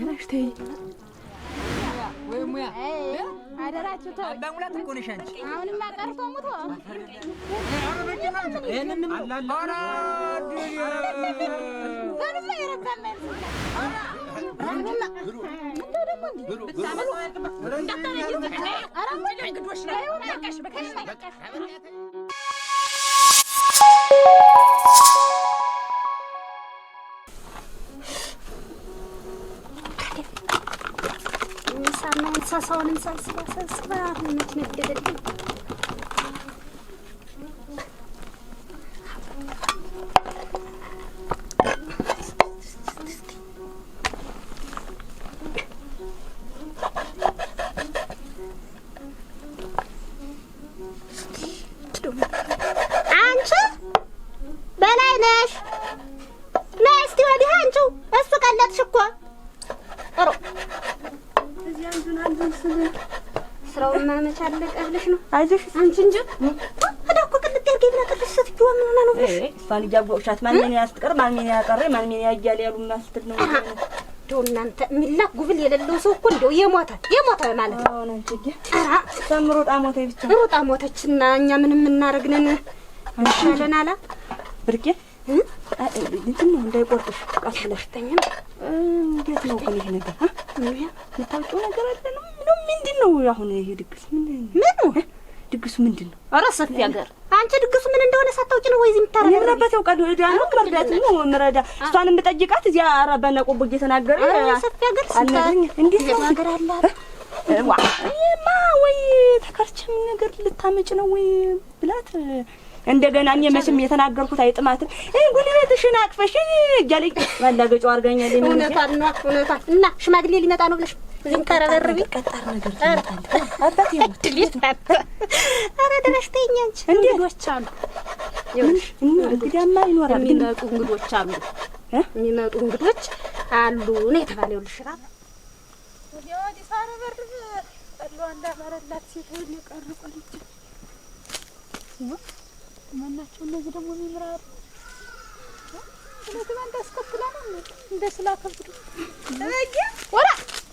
ደህና ነሽ? አደራችሁ ቀርቶ ሙቶ ደግሞ ጫማ እንስሳውን እንሰብስባ ሰብስባ ምትነግደልኝ ያዘሽ አንቺ እንጂ እዳኮ ቅልጥ ያርገ ብላ ቅድስ ስትይዋ ምን ሆና ነው ብለሽ እሷን እያወቅሻት ማንን ያስቀር ማንን ያቀር ማንን ያያል ያሉ እና ስትል ነው እንደው እናንተ የሚላክ ጉብል የሌለው ሰው እኮ እንደው የሞታል የሞታል ማለት ነው። አሁን አንቺ ግን አራ ሰምሮ ጣሞታ ብቻ ሮጣ ሞተችና እኛ ምን የምናረግነን እንሻለን አላ ብርቄ እንትን ነው እንዳይቆርጥሽ ቃስ ብለሽተኛ እንዴት ነው ቆይ ይሄ ነገር የምታውቂው ነገር አለ ነው ምንድን ነው አሁን ይሄ ድግስ ምን ምን ድግሱ ምንድን ነው? ኧረ ሰፊ ሀገር አንቺ ድግሱ ምን እንደሆነ ሳታውቂ ነው ወይዚህ የምታረገው? የምረበት ያውቃል። እዳ ነው መርዳት ነው መረዳ። እሷን የምጠይቃት እዚያ ኧረ በእነ ቆቦ እየተናገረ ሰፊ ሀገር ስታኝ እንዴት ነው ሀገር አለ ማ ወይ ተከርችም ነገር ልታመጭ ነው ወይ ብላት እንደገና እኔ መቼም የተናገርኩት አይጥማትም። እህ ጉልበትሽን አቅፈሽ እያለኝ ማላገጫው አድርጋኛለች። እውነቷን ነው እውነቷን። እና ሽማግሌ ሊመጣ ነው ብለሽ ዝም ታረበርቢ ቀጣር ነገር አባቴ ድሊት አረ ድረሽ ተይኝ አንቺ። እንግዶች አሉ እንግዳማ ይኖራል። የሚመጡ እንግዶች አሉ የሚመጡ እንግዶች አሉ ነው የተባለ። ይኸውልሽ እራት ማናቸው እነዚህ ደግሞ የሚምራሉ እንደ ስላ ከብዱ ወራ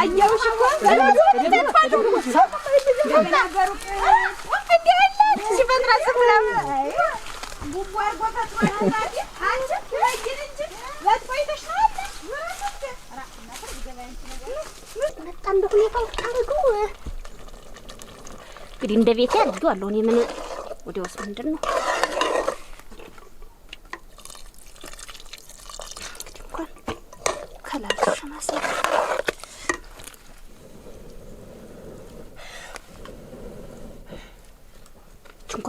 አየሁሽ እኮ እንግዲህ እንደ ቤቴ አድርጌዋለሁ። እኔ ምን ወዲያውስ ምንድን ነው?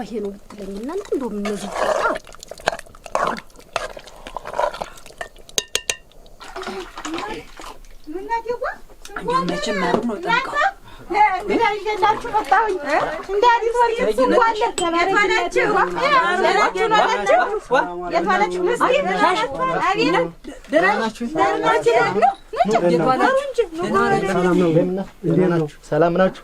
ይሄ ነው ብትለኝ እናንተ እንደውም እነዚህ መጀመሩ ነው ጠንቀ ሰላም ናችሁ?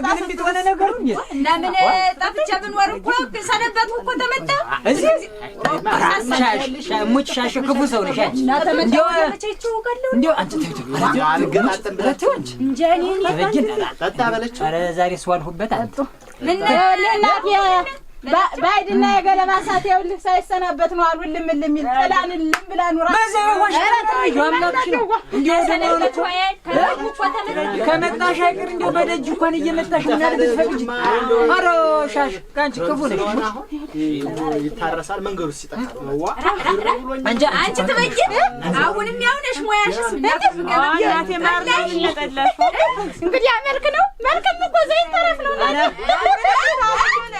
ምንም እንዴት ነገሩ? ለምን ጠፍቼ ብኖር እኮ ሰነበትኩ እኮ ተመታ እዚህ ሻሽ ክፉ ሰው ነሽ አንተ ጠጣ በለችው። ዛሬ ስዋልሁበት አንተ ባይድና የገለባ ሰዓት ይኸውልህ ሳይሰናበት ነው አሉ ልም ልሚል ጥላን ልም ብላ ኑራ አይቀር እንደው በደጅ እንኳን እየመጣሽ ምናልብት ፈቅጅ አሮ ሻሽ ከአንቺ ክፉ ነሽ። ይታረሳል መንገዱ ሲጠቃ አንቺ ትበይ አሁንም ያውነሽ ሙያሽ እንግዲህ መልክ ነው ነው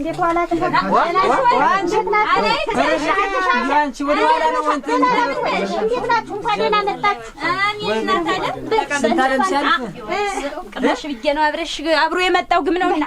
እንዴት ዋላችሁ? አንቺ ወደ ኋላ ነው አብሮ የመጣው ግም ነውና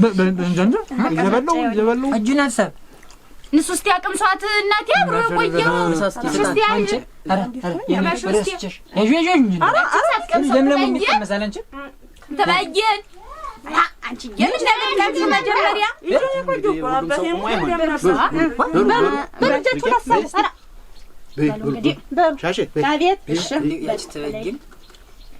በእንጃንጃ እየበላሁ እየበላሁ እጁን አሰብ ንሱስቲ አቅም ሰዓት እናቴ አብሮ የቆየው ንሱስቲ አንቺ ተለያየን። አንቺ የምን ነገር ከዚህ መጀመሪያ በእጃችሁ ላሳብ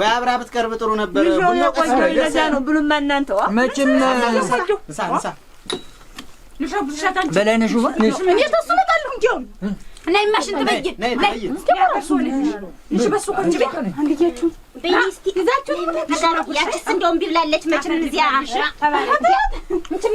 ወይ አብራ ብትቀርብ ጥሩ ነበር። ለዛ ነው ብሉማ። እናንተ መቼም በላይ ነሽ እና የማሽንት በይ ነይ እስኪ ያሱ እሺ፣ በሱ ቁጭ በይ አንዲያችሁ በይ እስኪ ይዛችሁ ያቺስ እንደው እምቢ ብላለች። መቼም እዚያ ምንችም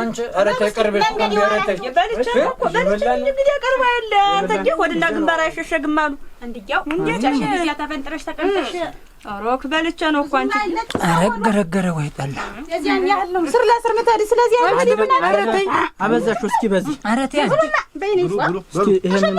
አንቺ ኧረ ተቀርበሽ ቆንጆ ኧረ ተይ በልቼ እኮ በልቼ እንግዲህ ያቀርባ የለ አንተ እንጂ ሆድና ግንባር አይሸሸግም አሉ። እንድያው እንዴት ተፈንጥረሽ ተቀምጠሽ ሮክ በልቼ ነው እኮ አንቺ አረገረገረ ወይ ጠላ የዚያን ያህል ነው ስር ለስር ምታዲ ስለዚህ አይሆንም። ኧረ ተይ አበዛሽው። እስኪ በዚህ ኧረ ተይ እስኪ ይሄንን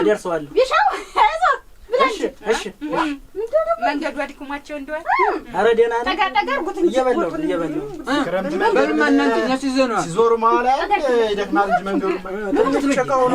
እደርሰዋለሁ። መንገዱ አድክሟቸው እንደሆነ ኧረ ደህና ነው። እየበላሁ እየበላሁ በልማ እናንተ እኛ ሲዘኑ ሲዞሩ መሀል ይደክማል እንጂ መንገዱ ሸቃ ሆኖ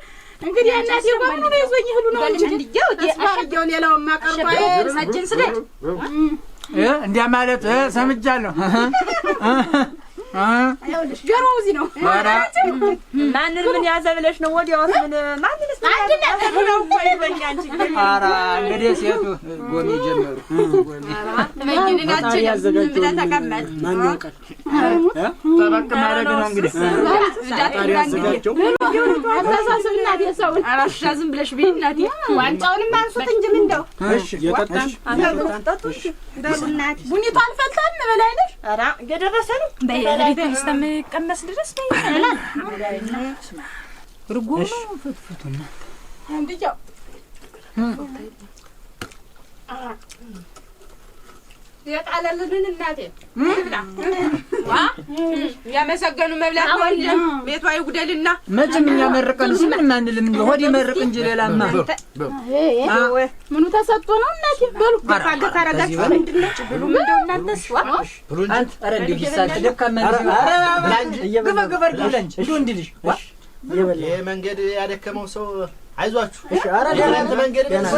እንግዲህ እናቴ በምኑ ነው ይዞኝ እህሉ ነው እንጂ እንዲያው አስባርጌው ማቀርባይ ቀርቶ አይሰችን እ እንዲያ ማለት ሰምጃለሁ። ጆሮዚ ነው ማንን ምን ያዘ ብለሽ ነው? ወዲያውስ ምን ማንንስ ይበኛል። እንግዲህ ሴቱ ጎሜ ጀመሩ ተቀመጥ ጠበቅ ማድረግ ነው እንግዲህ ያዘጋቸው አስተሳሰብ እናቴ ሰውን አራሻ ዝም ብለሽ ብይ እናቴ። ዋንጫውንም አንሱት እንጂ ምን እንደው ቡኒቷን ፈልተን በላይነሽ ገደረሰ ነው ቤተን እስከሚቀመስ ድረስ ነው እርጎ ነው ፍትፍቱ የጣለልንን እናቴ እያመሰገኑ መብላት ወለም ቤቷ ይጉደልና መቼም እኛ እሱ ምንም አንልም። ሆድ ይመርቅ እንጂ ሌላማ ምኑ ተሰጥቶ ነው እናቴ። በሉ ግፋ ግፋ አድርጊው እንዲልሽ ይህ ያደከመው ሰው አይዟችሁ እናንተ ሞልቶ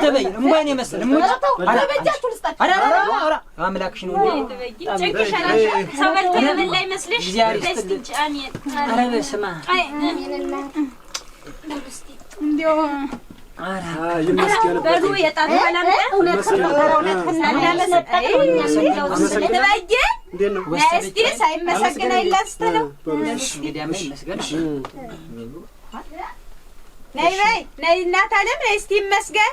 ተበይ እንኳን የመሰለ አምላክሽ ነይ በይ ነይ እናት አለም ነይ እስቲ ይመስገን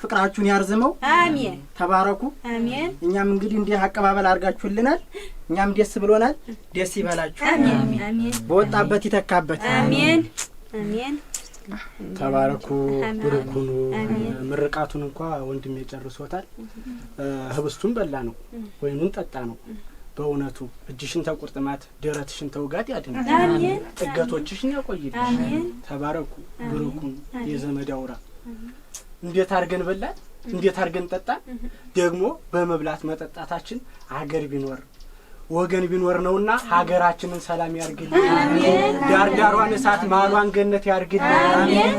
ፍቅራችሁን ያርዝመው። አሜን። ተባረኩ። አሜን። እኛም እንግዲህ እንዲህ አቀባበል አድርጋችሁልናል። እኛም ደስ ብሎናል። ደስ ይበላችሁ። አሜን። በወጣበት ይተካበት። አሜን። አሜን። ተባረኩ። ብሩኩኑ ምርቃቱን እንኳ ወንድሜ ጨርሶታል። ህብስቱን በላ ነው፣ ወይኑን ጠጣ ነው። በእውነቱ እጅሽን ተቁርጥማት ደረትሽን ተውጋት ያድናል። ጥገቶችሽን ያቆይልሽ። ተባረኩ። ብሩኩኑ የዘመድ አውራ እንዴት አድርገን በላን፣ እንዴት አድርገን ጠጣን። ደግሞ በመብላት መጠጣታችን አገር ቢኖር ወገን ቢኖር ነውና ሀገራችንን ሰላም ያርግልን፣ ዳርዳሯን እሳት ማሏን ገነት ያርግልን።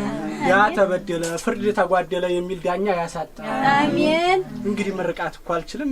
ያ ተበደለ ፍርድ ተጓደለ የሚል ዳኛ ያሳጣ። አሜን። እንግዲህ ምርቃት እኮ አልችልም።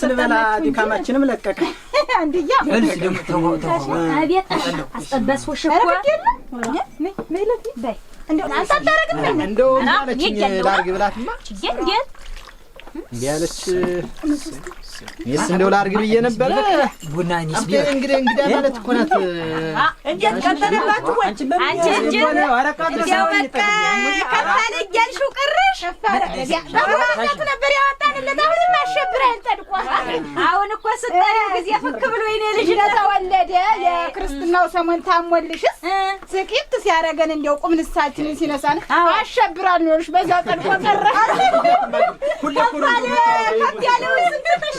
ስንበላ ድካማችንም ለቀቀ። አንድያ እኔስ እንደው ላድርግ ብዬ ነበረ። ቡና እንግዲህ እንግዲህ ማለት እኮ ናት። እንዴት ቀጠለላችሁ ወይ አንቺ እንጂ እንዲያው በቃ ከፋለ እያልሽው ቅርሽ በማለት ነበር ያወጣንለት። አሁንም አሸብረህን ጠድቋል። አሁን እኮ ስትጠሪው ጊዜ ፍክ ብሎ ይኔ ልጅ ለተወለደ የክርስትናው ሰሞን ታሞልሽስ ስቂት ሲያደርገን እንደው ቁም ንሳችንን ሲነሳን አሸብራን ኖርሽ በዛ ጠድቆ ቀረ ሁሌ ኩሩ ያለው ስንት ተሽ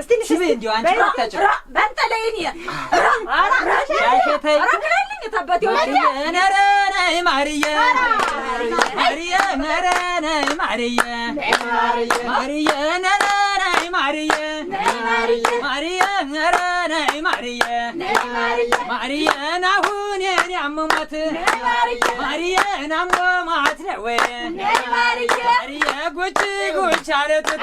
እስቲ ንሽ እንዲሁ አንቺ ታጭ በንጠለይን ማርየን አሁን የኔ አመሟት ማርየን አመሟት ነው ወይ ማርየ ጉች ጉች አለትት